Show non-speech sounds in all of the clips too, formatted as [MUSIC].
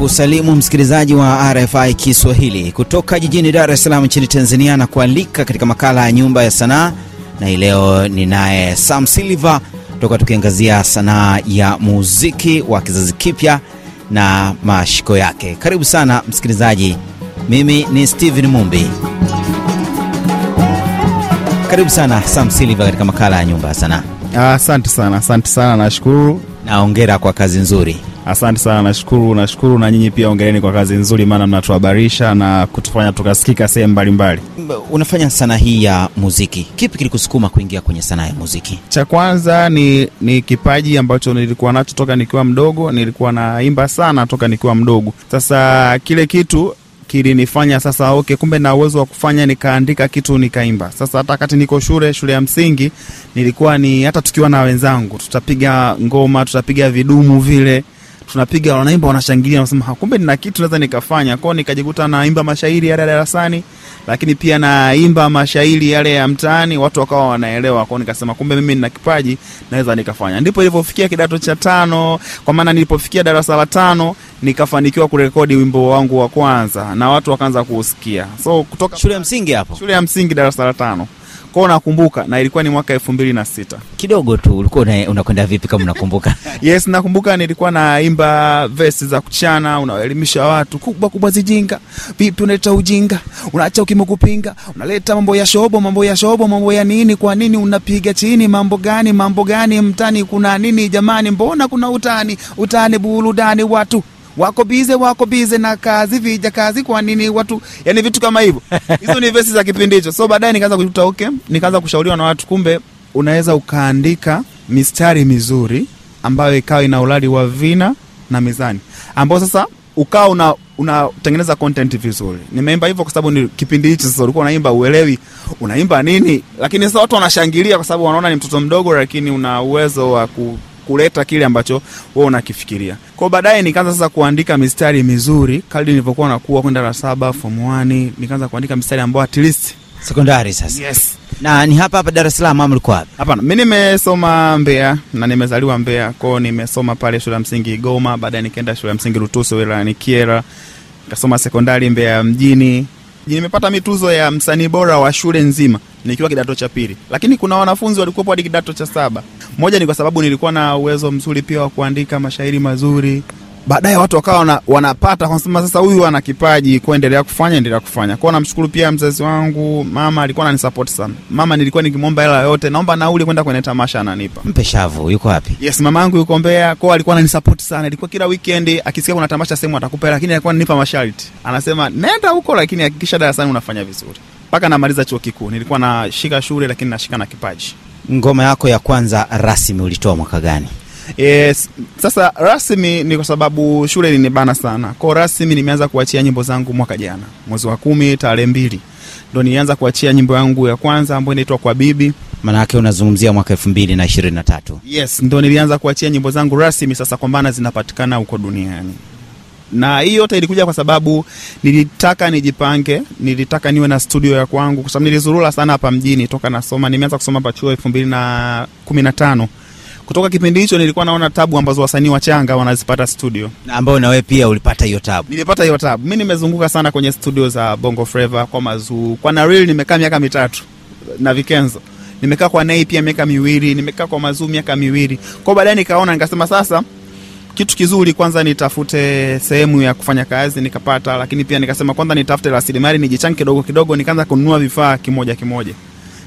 kusalimu msikilizaji wa RFI Kiswahili kutoka jijini Dar es Salaam nchini Tanzania na kualika katika makala ya Nyumba ya Sanaa, na hii leo ninaye Sam Silva toka tukiangazia sanaa ya muziki wa kizazi kipya na mashiko yake. Karibu sana msikilizaji, mimi ni Steven Mumbi. Karibu sana Sam Silva katika makala ya Nyumba ya Sanaa. Ah, asante sana, asante sana, nashukuru naongera kwa kazi nzuri. Asante sana, nashukuru. Nashukuru na nyinyi pia, ongereni kwa kazi nzuri, maana mnatuhabarisha na kutufanya tukasikika sehemu mbalimbali. Unafanya sanaa hii ya muziki, kipi kilikusukuma kuingia kwenye sanaa ya muziki? Cha kwanza ni, ni kipaji ambacho nilikuwa nacho toka nikiwa mdogo. Nilikuwa naimba sana toka nikiwa mdogo. Sasa kile kitu kilinifanya sasa ok kumbe na uwezo wa kufanya nikaandika kitu nikaimba. Sasa hata wakati niko shule shule ya msingi nilikuwa ni hata tukiwa na wenzangu tutapiga ngoma, tutapiga vidumu vile tunapiga wanaimba, wanashangilia, nasema kumbe nina kitu naweza nikafanya. Kwao nikajikuta naimba mashairi yale darasani, lakini pia naimba mashairi yale ya mtaani, watu wakawa wanaelewa. Kwao nikasema kumbe mimi nina kipaji, naweza nikafanya. Ndipo ilivyofikia kidato cha tano, kwa maana nilipofikia darasa la tano nikafanikiwa kurekodi wimbo wangu wa kwanza na watu wakaanza kuusikia. So kutoka shule ya msingi hapo, shule ya msingi darasa la tano kwao nakumbuka, na ilikuwa ni mwaka elfu mbili na sita. Kidogo tu ulikuwa unakwenda vipi kama unakumbuka? [LAUGHS] Yes, nakumbuka nilikuwa naimba vesi za kuchana, unawaelimisha watu kubwa kubwa zijinga, vipi unaleta ujinga, unaacha ukimekupinga, unaleta mambo ya shobo, mambo ya shobo, mambo ya nini, kwa nini unapiga chini, mambo gani, mambo gani, mtani kuna nini jamani, mbona kuna utani, utani burudani watu wako bize, wako bize na kazi, vija kazi, kwa nini watu, yani vitu kama hivyo. [LAUGHS] Hizo ni vesi za kipindi hicho. So baadaye nikaanza kujuta okay, nikaanza kushauriwa na watu, kumbe unaweza ukaandika mistari mizuri ambayo ikawa ina ulali wa vina na mizani, ambao sasa ukawa una unatengeneza content vizuri. Nimeimba hivyo kwa sababu ni kipindi hicho sasa ulikuwa unaimba uelewi unaimba nini, lakini sasa watu wanashangilia kwa sababu wanaona ni mtoto mdogo, lakini una uwezo wa ku kuleta kile ambacho wewe unakifikiria. Kwa baadaye nikaanza sasa kuandika mistari mizuri kadri nilivyokuwa nakuwa kwenda la saba form 1 nikaanza kuandika mistari ambayo at least sekondari sasa. Yes. Na ni hapa hapa Dar es Salaam ama ulikuwa wapi? Hapana, mimi nimesoma Mbeya na nimezaliwa Mbeya. hiyo nimesoma pale shule ya msingi Igoma, baadaye nikaenda shule ya msingi Lutuso wilayani Kiera. Nikasoma sekondari Mbeya mjini Nimepata mi tuzo ya msanii bora wa shule nzima nikiwa kidato cha pili, lakini kuna wanafunzi walikuwepo hadi kidato cha saba. Moja ni kwa sababu nilikuwa na uwezo mzuri pia wa kuandika mashairi mazuri baadaye watu wakawa wana, wanapata wanasema sasa huyu ana kipaji kuendelea kufanya endelea kufanya kwao. Namshukuru pia mzazi wangu mama, alikuwa ananisapoti sana. Mama nilikuwa nikimwomba hela yote, naomba nauli kwenda kwenye tamasha, ananipa. Mpe shavu yuko wapi? Yes, mama yangu yuko mbea kwao alikuwa ananisapoti sana. Ilikuwa kila weekend akisikia kuna tamasha sehemu atakupa hela, lakini alikuwa ananipa masharti, anasema nenda huko, lakini hakikisha darasani unafanya vizuri. Mpaka namaliza chuo kikuu nilikuwa nashika shule, lakini nashika na kipaji. Ngoma yako ya kwanza rasmi ulitoa mwaka gani? Yes, eh, sasa rasmi ni kwa sababu shule ilinibana sana. Kwa rasmi nimeanza kuachia nyimbo zangu mwaka jana mwezi wa kumi tarehe mbili ndo nilianza kuachia nyimbo yangu ya kwanza ambayo inaitwa kwa bibi. Maana yake unazungumzia mwaka elfu mbili na ishirini na tatu? Yes, ndo nilianza kuachia nyimbo zangu rasmi sasa, kwa maana zinapatikana huko duniani na hii yote ilikuja kwa sababu nilitaka nijipange, nilitaka niwe na studio ya kwangu, kwa sababu nilizurula sana hapa mjini toka nasoma. Nimeanza kusoma hapa chuo elfu mbili na kumi na tano kutoka kipindi hicho nilikuwa naona tabu ambazo wasanii wachanga wanazipata studio, na ambayo na wewe pia ulipata hiyo tabu. Nilipata hiyo tabu. Mimi nimezunguka sana kwenye studio za Bongo Flava, kwa Mazuu, kwa Naril nimekaa miaka mitatu na Vikenzo nimekaa kwa nei pia miaka miwili, nimekaa kwa Mazuu miaka miwili. Kwa baadaye nikaona nikasema sasa kitu kizuri kwanza nitafute sehemu ya kufanya kazi nikapata, lakini pia nikasema kwanza nitafute rasilimali nijichange kidogo kidogo, nikaanza kununua vifaa kimoja kimoja.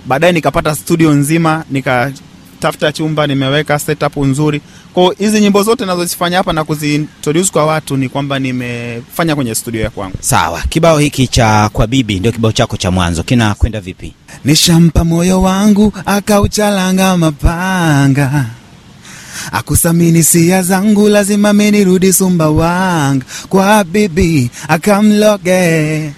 Baadaye nikapata studio nzima nika nimetafuta chumba, nimeweka setup nzuri. Kwa hizi nyimbo zote nazozifanya hapa na kuzintroduce kwa watu ni kwamba nimefanya kwenye studio ya kwangu. Sawa, kibao hiki cha kwa bibi ndio kibao chako cha mwanzo, kinakwenda vipi? Nishampa moyo wangu akauchalanga mapanga akusamini sia zangu lazima sumba wang kwa bibi akamloge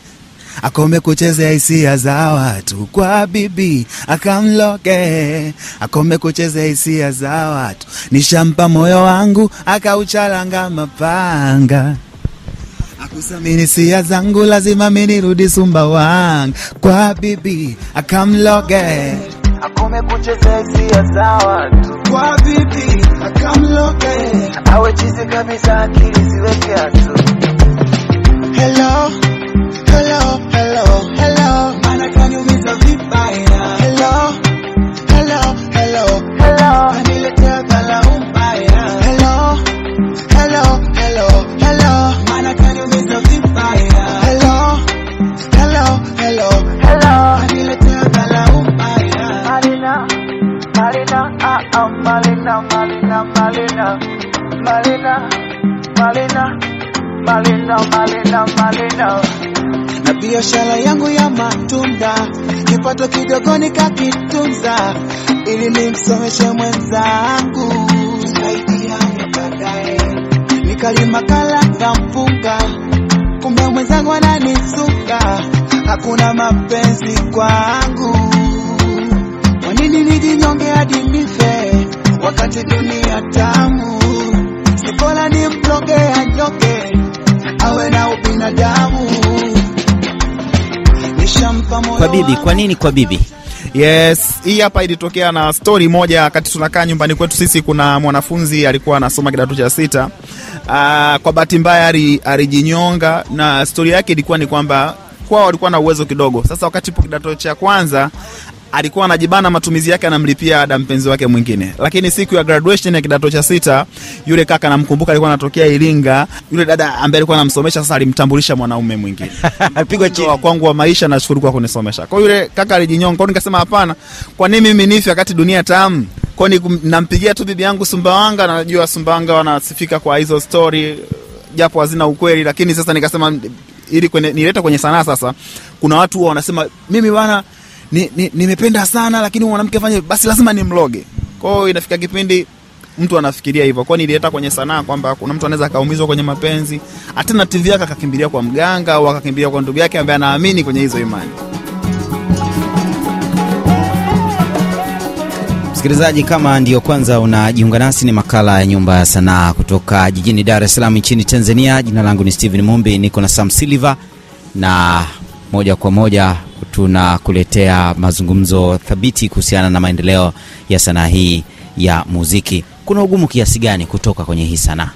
akome kuchezea hisia za watu kwa bibi akamloke, akome kuchezea hisia za watu, nishampa moyo wangu akauchalanga mapanga akusamini sia zangu lazima minirudi sumba wangu kwa bibi akamloge akome kuchezea hisia za watu kwa bibi akamloge awe chizi kabisa akili ziweke atu Hello Hello, hello, hello. Mana kaniumiza Hello, hello, hello, hello. Hello, hello, hello, hello. Hello, hello, hello, hello. ah, ah malinda malinda malinda na biashara yangu ya matunda, kipato kidogo nikakitunza, ili nimsomeshe mwenzangu zaidi yangu baadaye. Nikalima kala na mpunga, kumbe mwenzangu ananisuka, hakuna mapenzi kwangu. Kwa nini nijinyonge hadi nife, wakati dunia tamu? Sikola ni mlonge anyoke awe na ubinadamu. Kwa bibi, kwa nini kwa bibi? Yes, hii hapa ilitokea na stori moja wakati tunakaa nyumbani kwetu sisi. Kuna mwanafunzi alikuwa anasoma kidato cha sita. Aa, ah, kwa bahati mbaya alijinyonga, na stori yake ilikuwa ni kwamba kwao walikuwa na uwezo kidogo. Sasa wakati ipo kidato cha kwanza alikuwa anajibana matumizi yake, anamlipia ada mpenzi wake mwingine. Lakini siku ya graduation ya kidato cha sita, yule kaka namkumbuka, alikuwa anatokea Iringa. Yule dada ambaye alikuwa anamsomesha sasa alimtambulisha mwanaume mwingine, apigwa [LAUGHS] chini wa kwangu wa maisha, nashukuru kwa kunisomesha. Kwa yule kaka alijinyonga, kwa nikasema hapana, kwa nini mimi nife wakati dunia tamu? Kwa ni nampigia tu bibi yangu Sumbawanga, najua Sumbawanga wanasifika kwa hizo story japo hazina ukweli, lakini sasa nikasema ili kwenye, nileta kwenye sanaa sasa. Kuna watu wanasema mimi bana nimependa ni, ni sana lakini mwanamke afanye basi lazima nimloge. kwao inafika kipindi mtu anafikiria hivyo. kwao nilileta kwenye sanaa kwamba kuna mtu anaweza akaumizwa kwenye mapenzi, tv yake akakimbilia kwa mganga au akakimbilia kwa ndugu yake ambaye anaamini kwenye hizo imani. Msikilizaji, kama ndiyo kwanza unajiunga nasi, ni makala ya Nyumba ya Sanaa kutoka jijini Dar es Salaam nchini Tanzania. Jina langu ni Steven Mumbi, niko na Sam silver na moja kwa moja tunakuletea mazungumzo thabiti kuhusiana na maendeleo ya sanaa hii ya muziki. Kuna ugumu kiasi gani kutoka kwenye hii sanaa?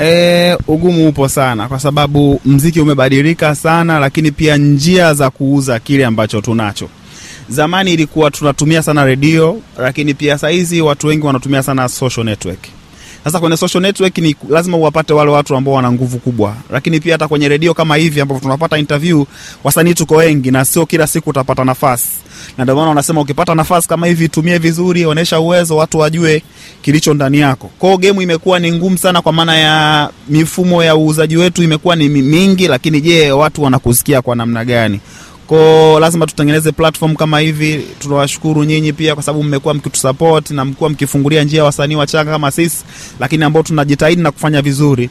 E, ugumu upo sana kwa sababu mziki umebadilika sana, lakini pia njia za kuuza kile ambacho tunacho. Zamani ilikuwa tunatumia sana redio, lakini pia sahizi watu wengi wanatumia sana social network sasa kwenye social network ni lazima uwapate wale watu ambao wana nguvu kubwa, lakini pia hata kwenye redio kama hivi ambapo tunapata interview, wasanii tuko wengi na sio kila siku utapata nafasi, na ndio maana wanasema ukipata nafasi kama hivi tumie vizuri, onyesha uwezo, watu wajue kilicho ndani yako. Kwao game imekuwa ni ngumu sana, kwa maana ya mifumo ya uuzaji wetu imekuwa ni mingi, lakini je, watu wanakusikia kwa namna gani? ko lazima tutengeneze platform kama hivi. Tunawashukuru nyinyi pia kwa sababu mmekuwa mkitusupport na mkuwa mkifungulia njia wasanii wachanga kama sisi, lakini ambao tunajitahidi na kufanya vizuri.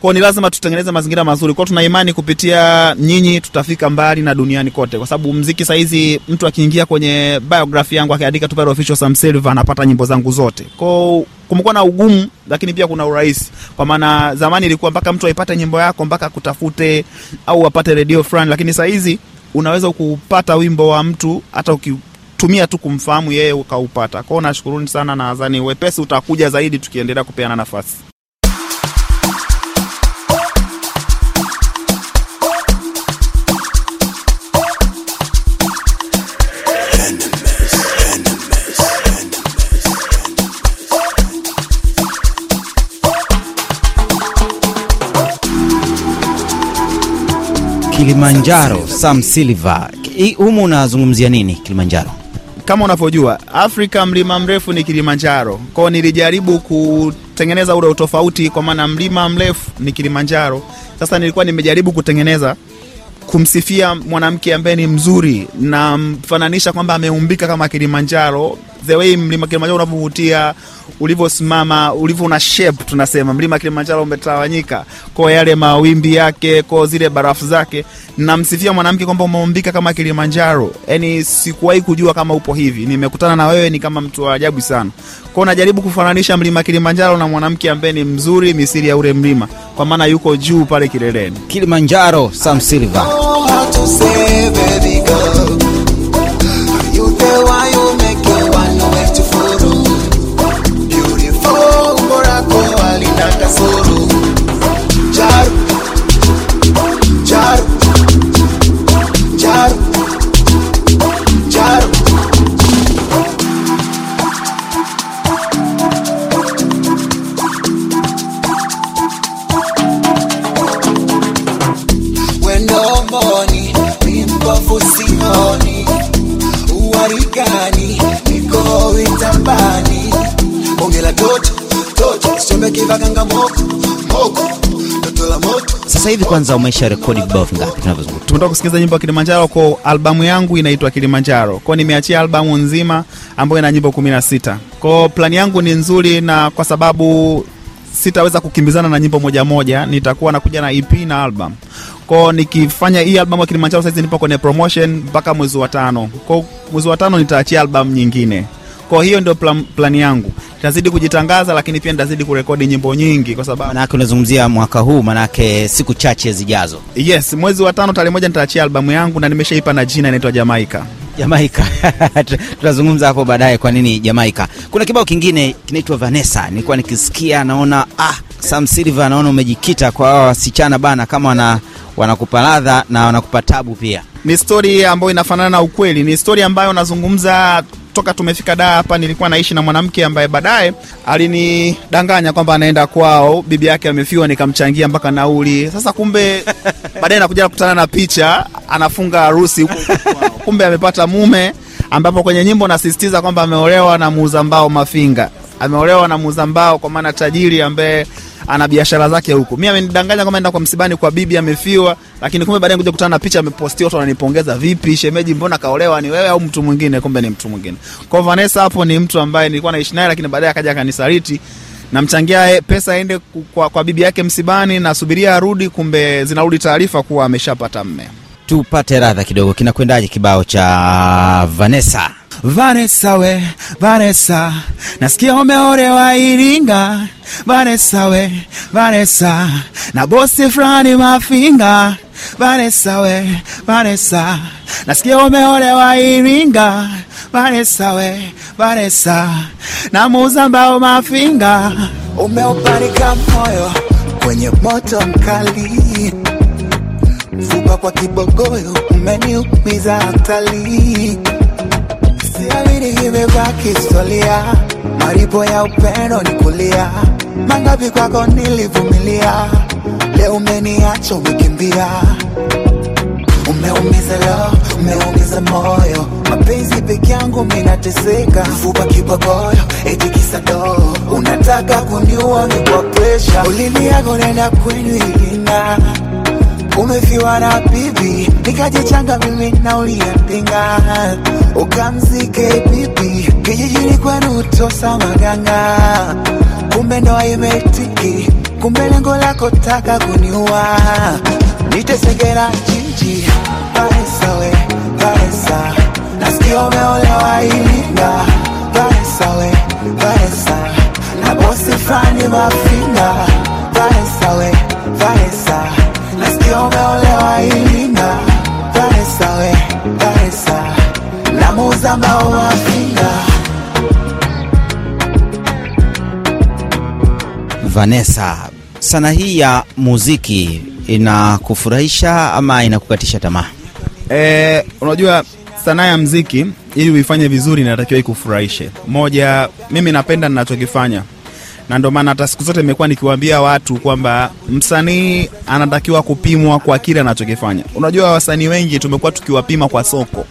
Kwa ni lazima tutengeneze mazingira mazuri. Kwa tuna imani kupitia nyinyi tutafika mbali na duniani kote, kwa sababu mziki saizi, mtu akiingia kwenye biography yangu akiandika tu pale official Sam Silver anapata nyimbo zangu zote. Kwa kumekuwa na ugumu, lakini pia kuna urahisi, kwa maana zamani ilikuwa mpaka mtu aipate nyimbo yako mpaka kutafute au apate redio fulani, lakini saizi unaweza kuupata wimbo wa mtu hata ukitumia tu kumfahamu yeye ukaupata. Kwao nashukuruni sana, nadhani wepesi utakuja zaidi tukiendelea kupeana nafasi. Kilimanjaro, Sam Silva, humu unazungumzia nini Kilimanjaro? Kama unavyojua Afrika mlima mrefu ni Kilimanjaro, kwao nilijaribu kutengeneza ule utofauti, kwa maana mlima mrefu ni Kilimanjaro. Sasa nilikuwa nimejaribu kutengeneza kumsifia mwanamke ambaye ni mzuri, namfananisha kwamba ameumbika kama Kilimanjaro, the way mlima Kilimanjaro unavyovutia, ulivyosimama, ulivyo una shape, tunasema mlima Kilimanjaro umetawanyika kwa yale mawimbi yake, kwa zile barafu zake. Namsifia mwanamke kwamba umeumbika kama Kilimanjaro. Yani sikuwahi kujua kama upo hivi, nimekutana na wewe, ni kama mtu wa ajabu sana. Kwa najaribu kufananisha mlima Kilimanjaro na mwanamke ambaye ni mzuri misiri ya ule mlima, kwa maana yuko juu pale kileleni. Kilimanjaro, Sam Silver. Oh, Sasa hivi kwanza umeisha rekodi vibao vingapi tunavyozungumza? Tumetoka kusikiliza nyimbo ya Kilimanjaro kwa albamu yangu inaitwa Kilimanjaro. Kwa nimeachia albamu nzima ambayo ina nyimbo 16. Kwa plani yangu ni nzuri na kwa sababu sitaweza kukimbizana na nyimbo moja moja, nitakuwa nakuja na EP na album. Kwa nikifanya hii album ya Kilimanjaro sasa hizi nipo kwenye promotion mpaka mwezi wa tano. Kwa mwezi wa tano nitaachia albamu nyingine. Kwa hiyo ndio plan, plani yangu. Nitazidi kujitangaza, lakini pia nitazidi kurekodi nyimbo nyingi, kwa sababu manake unazungumzia mwaka huu, manake siku chache zijazo. Yes, mwezi wa tano tarehe moja nitaachia albamu yangu na nimeshaipa na jina, inaitwa Jamaika. Jamaika [LAUGHS] tutazungumza hapo baadaye, kwa nini Jamaika. Kuna kibao kingine kinaitwa Vanessa, nilikuwa nikisikia naona ah, Sam Silva naona umejikita kwa hawa wasichana bana, kama wana wanakupa ladha na wanakupa tabu pia. Ni stori ambayo inafanana na ukweli, ni stori ambayo nazungumza toka tumefika daa hapa, nilikuwa naishi na mwanamke ambaye baadaye alinidanganya kwamba anaenda kwao, bibi yake amefiwa, nikamchangia mpaka nauli. Sasa kumbe [LAUGHS] baadaye nakuja kukutana na picha, anafunga harusi kumbe amepata mume, ambapo kwenye nyimbo nasisitiza kwamba ameolewa na muuza mbao Mafinga, ameolewa na muuza mbao, kwa maana tajiri ambaye ana biashara zake huko. Mimi amenidanganya kwamba enda kwa msibani kwa bibi amefiwa, lakini kumbe baadaye nikuja kukutana na picha amepostia, watu wananipongeza, vipi shemeji, mbona kaolewa? Ni wewe au mtu mwingine? Kumbe ni mtu mwingine. Kwa Vanessa hapo ni mtu ambaye nilikuwa naishi naye, lakini baadaye akaja akanisaliti namchangia pesa aende kwa, kwa bibi yake msibani, nasubiria arudi, kumbe zinarudi taarifa kuwa ameshapata mme. Tupate radha kidogo. Kinakwendaje kibao cha Vanessa? Vanessa we, Vanessa, nasikia umeolewa Iringa. Vanessa we, Vanessa, na bosi fulani mafinga. Vanessa we, Vanessa, nasikia umeolewa Iringa. Vanessa we, Vanessa, na muuza mbao mafinga. umeubarika moyo kwenye moto mkali, fupa kwa kibogoyo, umeniumiza hatali Siamini imebaki historia, maripo ya upendo ni kulia. Mangapi kwako nilivumilia, leo umeniacha umekimbia. Umeumiza leo, umeumiza moyo, mapenzi peke yangu minateseka, fupa kibogoyo eti kisa do, unataka kuniua ni kwa presha, ulilia kunenda kwenye ilina umefiwa na bibi, nikajichanga mimi naulia ndinga, ukamzike bibi kijijini kwenu tosa maganga, kumbe ndoa imetiki, kumbe lengo lako taka kuniua, nitesegera chinji paesa, we paesa, nasikia umeolewa ilinga paesa, we paesa, na bosi fani mafinga paesa, we paesa umeolewa ilinga we na mbao Vanessa, sana hii ya muziki inakufurahisha ama inakukatisha tamaa? E, unajua sanaa ya mziki ili uifanye vizuri inatakiwa ikufurahishe. Moja, mimi napenda ninachokifanya na ndio maana hata siku zote nimekuwa nikiwaambia watu kwamba msanii anatakiwa kupimwa kwa kile anachokifanya. Unajua, wasanii wengi tumekuwa tukiwapima kwa soko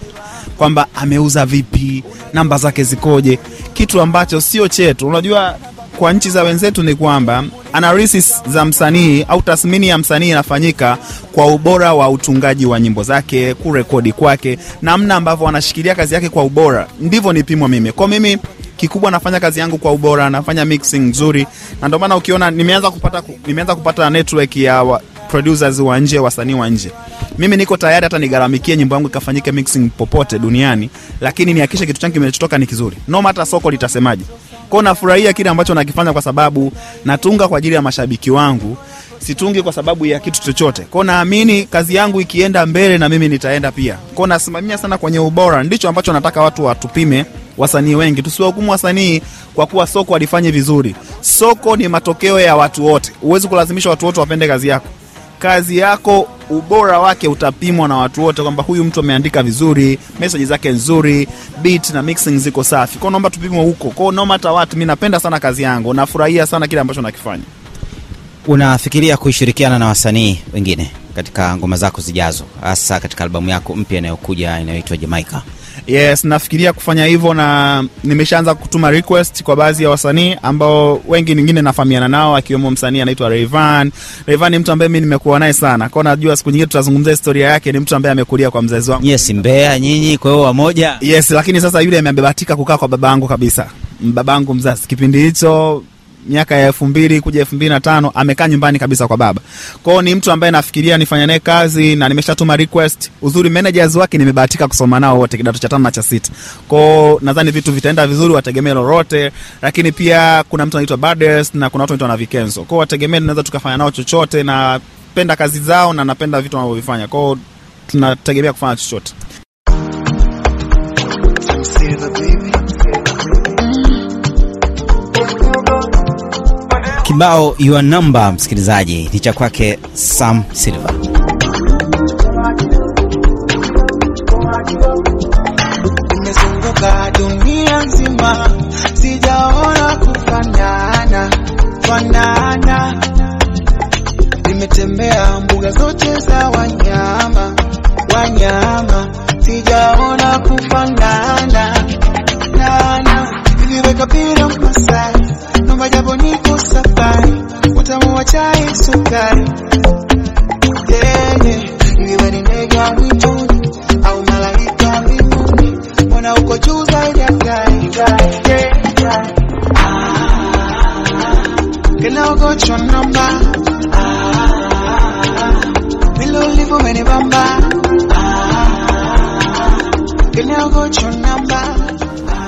kwamba ameuza vipi, namba zake zikoje, kitu ambacho sio chetu. Unajua, kwa nchi za wenzetu ni kwamba analysis za msanii au tathmini ya msanii inafanyika kwa ubora wa utungaji wa nyimbo zake, kurekodi kwake, namna ambavyo anashikilia kazi yake kwa ubora, ndivyo nipimwa mimi. Kwa mimi kikubwa nafanya kazi yangu kwa ubora, nafanya mixing nzuri, na ndio maana ukiona nimeanza kupata, nimeanza kupata network ya wa, producers wa nje, wasanii wa nje. Mimi niko tayari hata nigaramikie nyimbo yangu ikafanyike mixing popote duniani, lakini nihakikishe kitu changu kimechotoka ni kizuri, no matter soko litasemaje. Kwao nafurahia kile ambacho nakifanya, kwa sababu natunga kwa ajili ya mashabiki wangu, situngi kwa sababu ya kitu chochote. Kwao naamini kazi yangu ikienda mbele, na mimi nitaenda pia. Kwao nasimamia sana kwenye ubora, ndicho ambacho nataka watu watupime wasanii wengi. Tusiwahukumu wasanii kwa kuwa soko walifanye vizuri. Soko ni matokeo ya watu wote, huwezi kulazimisha watu wote wapende kazi yako. Kazi yako ubora wake utapimwa na watu wote, kwamba huyu mtu ameandika vizuri, message zake nzuri, beat na mixing ziko safi. Kwao naomba tupimwe huko. Kwao naomba hata watu, mimi napenda sana kazi yangu, nafurahia sana kile ambacho nakifanya. Unafikiria kushirikiana na wasanii wengine katika ngoma zako zijazo, hasa katika albamu yako mpya inayokuja inayoitwa Jamaica? Yes, nafikiria kufanya hivyo na nimeshaanza kutuma request kwa baadhi ya wasanii ambao wengi ningine nafahamiana nao akiwemo msanii anaitwa Rayvan. Rayvan ni mtu ambaye mimi nimekuwa naye sana. Kwa najua siku nyingine tutazungumzia historia yake, ni mtu ambaye amekulia kwa mzazi wangu. Yes, Mbeya nyinyi kwa hiyo wamoja. Yes, lakini sasa yule amebahatika kukaa kwa babangu kabisa. Babangu mzazi kipindi hicho miaka ya elfu mbili kuja elfu mbili na tano amekaa nyumbani kabisa kwa baba kwao. Ni mtu ambaye nafikiria nifanya naye kazi na nimeshatuma request. Uzuri managers wake nimebahatika kusoma nao wote kidato cha tano na cha sita kwao, nadhani vitu vitaenda vizuri, wategemee lolote. Lakini pia kuna mtu anaitwa Bades na kuna watu wanaitwa na Vikenzo kwao, wategemee naweza tukafanya nao chochote. Napenda kazi zao na napenda vitu wanavyovifanya kwao, tunategemea kufanya chochote. kibao your number, msikilizaji, ni cha kwake Sam silver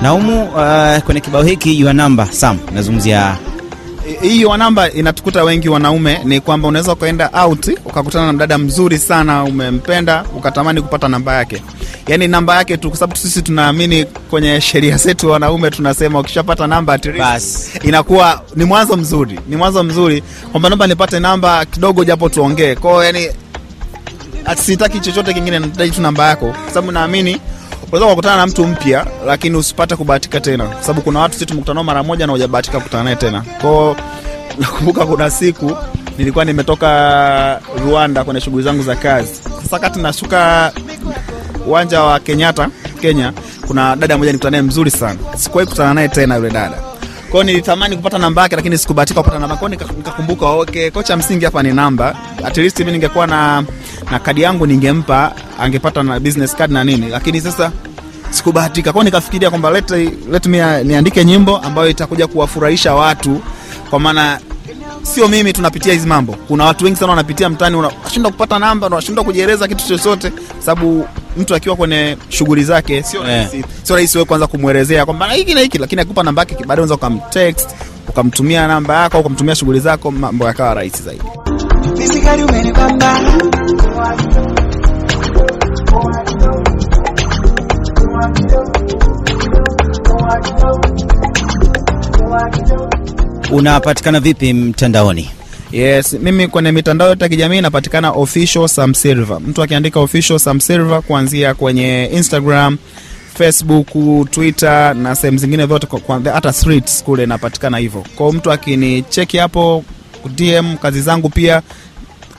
naumu uh, kwenye kibao hiki your number Sam, nazungumzia hii your number. Inatukuta wengi wanaume, ni kwamba unaweza ukaenda out ukakutana na mdada mzuri sana, umempenda ukatamani kupata namba yake, yani namba yake tu, kwa sababu sisi tunaamini kwenye sheria zetu wanaume, tunasema ukishapata namba inakuwa ni mwanzo mzuri, ni mwanzo mzuri kwamba namba nipate namba kidogo, japo tuongee kwao, yani sitaki chochote kingine, nahitaji tu namba yako, kwa sababu naamini unaweza kukutana na mtu mpya lakini usipate kubahatika tena, kwa sababu kuna watu sisi tumekutana nao mara moja na hujabahatika kukutana naye tena. Kwao [LAUGHS] nakumbuka kuna siku nilikuwa nimetoka Rwanda kwenye shughuli zangu za kazi. Sasa kati nashuka uwanja wa Kenyatta, Kenya, kuna dada moja nikutana naye mzuri sana, sikuwahi kukutana naye tena yule dada kwao nilitamani kupata namba yake lakini sikubahatika kupata namba kwao. Nikakumbuka okay, kocha msingi hapa ni namba, at least mimi ningekuwa na na kadi yangu ningempa, angepata na business card na nini, lakini sasa sikubahatika kwao. Nikafikiria kwamba let, let me niandike nyimbo ambayo itakuja kuwafurahisha watu, kwa maana sio mimi tunapitia hizi mambo. Kuna watu wengi sana wanapitia mtaani, unashindwa kupata namba, unashindwa kujieleza kitu chochote, sababu mtu akiwa kwenye shughuli zake sio eh. rahisi yeah. Sio rahisi wewe kwanza kumwelezea kwamba hiki na hiki, lakini akupa namba yake, baadaye unaweza ukamtext, ukamtumia namba yako, ukamtumia shughuli zako, mambo yakawa rahisi zaidi. Unapatikana vipi mtandaoni? Yes, mimi kwenye mitandao yote ya kijamii inapatikana official Sam Silver. Mtu akiandika official Sam Silver kuanzia kwenye Instagram, Facebook, Twitter na sehemu zingine zote, hata streets kule napatikana hivyo. kwao mtu akinicheki hapo DM kazi zangu pia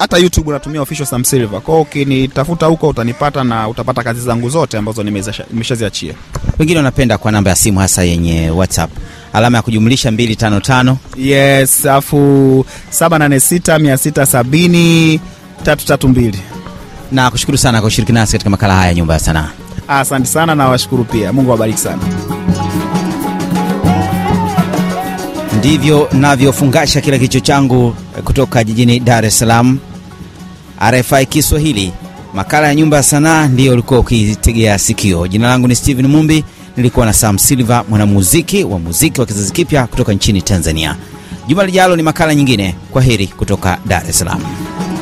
hata YouTube unatumia official Sam Silver. Kwa hiyo ukinitafuta huko utanipata na utapata kazi zangu zote ambazo nimeshaziachia. Wengine wanapenda kwa namba ya simu hasa yenye WhatsApp alama ya kujumlisha 255 yes, afu 786 332. Na kushukuru sana kwa ushiriki nasi katika makala haya Nyumba ya Sanaa. Asante sana na washukuru pia. Mungu awabariki sana. Ndivyo navyofungasha kila kicho changu kutoka jijini Dar es Salaam. RFI Kiswahili. Makala ya Nyumba ya Sanaa ndiyo ulikuwa ukitegea sikio. Jina langu ni Steven Mumbi, nilikuwa na Sam Silva, mwanamuziki wa muziki wa kizazi kipya kutoka nchini Tanzania. Juma lijalo ni makala nyingine. Kwa heri kutoka Dar es Salaam.